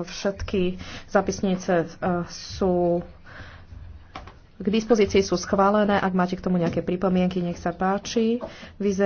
všetky zapisnice eh, sú k dispozícii sú schválené. Ak máte k tomu nejaké pripomienky, nech sa páči. Vyzer